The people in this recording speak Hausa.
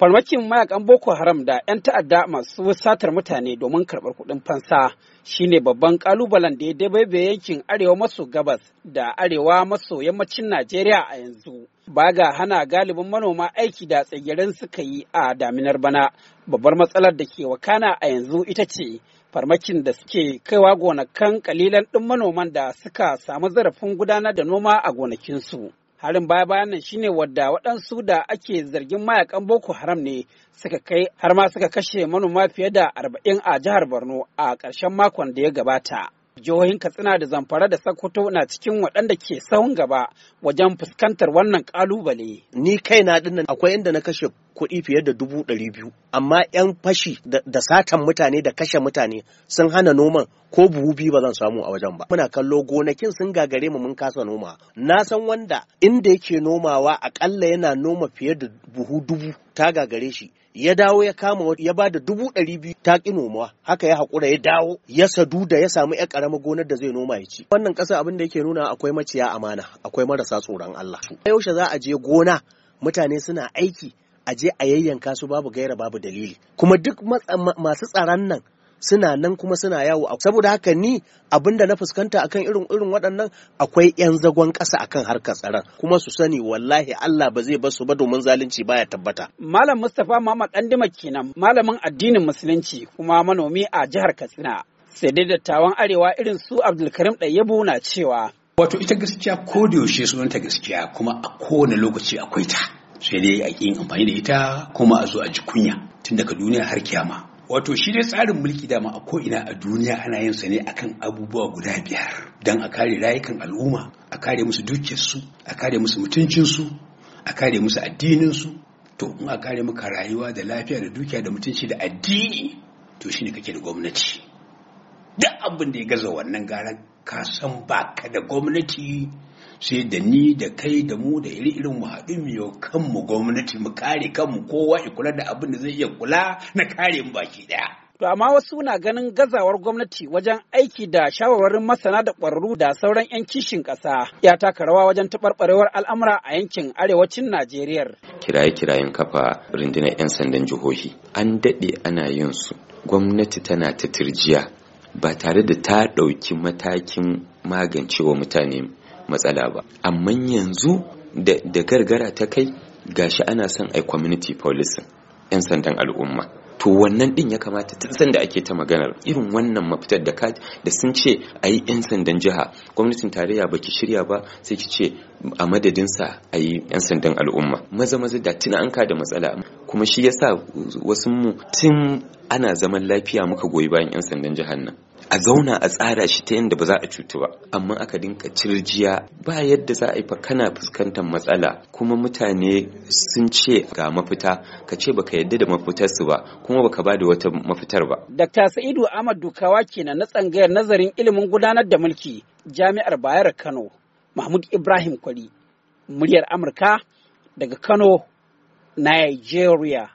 farmakin mayakan boko haram da 'yan ta'adda masu satar mutane domin karɓar kuɗin fansa shine babban ƙalubalen da ya dabaibe yankin arewa maso gabas da arewa maso yammacin najeriya a yanzu ba ga hana galibin manoma aiki da tsagirin suka yi a daminar bana babbar matsalar da ke wakana a yanzu ita ce farmakin da suke kaiwa gonakan kalilan ɗin manoman da suka samu zarafin gudanar da noma a gonakinsu harin baya bayan nan shine wadda waɗansu da ake zargin mayakan boko haram ne suka kai har ma suka kashe manoma fiye da arba'in a jihar borno a ƙarshen makon da ya gabata jihohin katsina da zamfara da sokoto na cikin waɗanda ke sahun gaba wajen fuskantar wannan ƙalubale ni kaina dinnan akwai inda na kashe kuɗi fiye da dubu ɗari biyu amma 'yan fashi da satan mutane da kashe mutane sun hana noman ko buhu biyu ba zan samu a wajen ba muna kallo gonakin sun gagare mu mun kasa noma na san wanda inda yake nomawa akalla yana noma fiye da buhu dubu ta gagare shi ya dawo ya kama ya ba da dubu ɗari biyu ta ƙi nomawa haka ya haƙura ya dawo ya sadu da ya samu ya ƙarama gonar da zai noma ya ci wannan ƙasa abin da yake nuna akwai maciya amana akwai marasa tsoron Allah yaushe za a je gona mutane suna aiki a je a yayyanka su babu gaira babu dalili kuma duk masu tsaron nan suna nan kuma suna yawo saboda haka ni abinda na fuskanta akan irin irin waɗannan akwai 'yan zagon ƙasa akan harkar tsaron kuma su sani wallahi Allah ba zai bar su ba domin zalunci baya tabbata malam Mustapha Muhammad Dandima kenan malamin addinin musulunci kuma manomi a jihar Katsina sai dai dattawan arewa irin su Abdulkarim Ɗayyabu na cewa wato ita gaskiya ko da yaushe sunanta gaskiya kuma a kowane lokaci akwai ta sai dai a ƙin amfani da ita kuma a zo a ji kunya tun daga duniya har kiyama wato shi dai tsarin mulki dama a ko ina a duniya ana yin sa ne akan abubuwa guda biyar don a kare rayukan al'umma a kare musu dukiyarsu a kare musu mutuncinsu a kare musu addininsu to in a kare maka rayuwa da lafiya da dukiya da mutunci da addini to shine kake da gwamnati duk abin da ya gaza wannan gara ka san baka da gwamnati sai da ni da kai da mu da iri irin mu haɗu mu yau kanmu gwamnati mu kare kanmu kowa ya kula da abin da zai iya kula na kare mu baki ɗaya. To amma wasu na ganin gazawar gwamnati wajen aiki da shawarwarin masana da ƙwararru da sauran 'yan kishin ƙasa ya taka rawa wajen taɓarɓarewar al'amura a yankin arewacin Najeriya. Kiraye-kirayen kafa rundunar 'yan sandan jihohi an daɗe ana yin su. Gwamnati tana ta tirjiya ba tare da ta ɗauki matakin magancewa mutane matsala ba amma yanzu da gargara ta kai gashi ana son ai community policing 'yan sandan al'umma to wannan din ya kamata tun sanda ake ta maganar irin wannan mafitar da da sun ce a yi 'yan sandan jiha gwamnatin tarayya baki shirya ba sai ki ce a madadinsa a yi 'yan sandan al'umma maza maza da tuna an ka da matsala kuma shi yasa wasu mu tun ana zaman lafiya muka goyi bayan 'yan sandan jihar nan a zauna a tsara shi ta yadda ba za a cutu ba amma aka dinka cirjiya ba yadda za a yi kana fuskantar matsala kuma mutane sun ce ga mafita ka ce baka yadda da su ba kuma baka ba da wata mafitar ba Dr. Sa'idu Ahmad Dukawa kenan na tsangayar nazarin ilimin gudanar da mulki Jami'ar Bayar Kano Mahmud Ibrahim Kwari muryar Amurka daga Kano Nigeria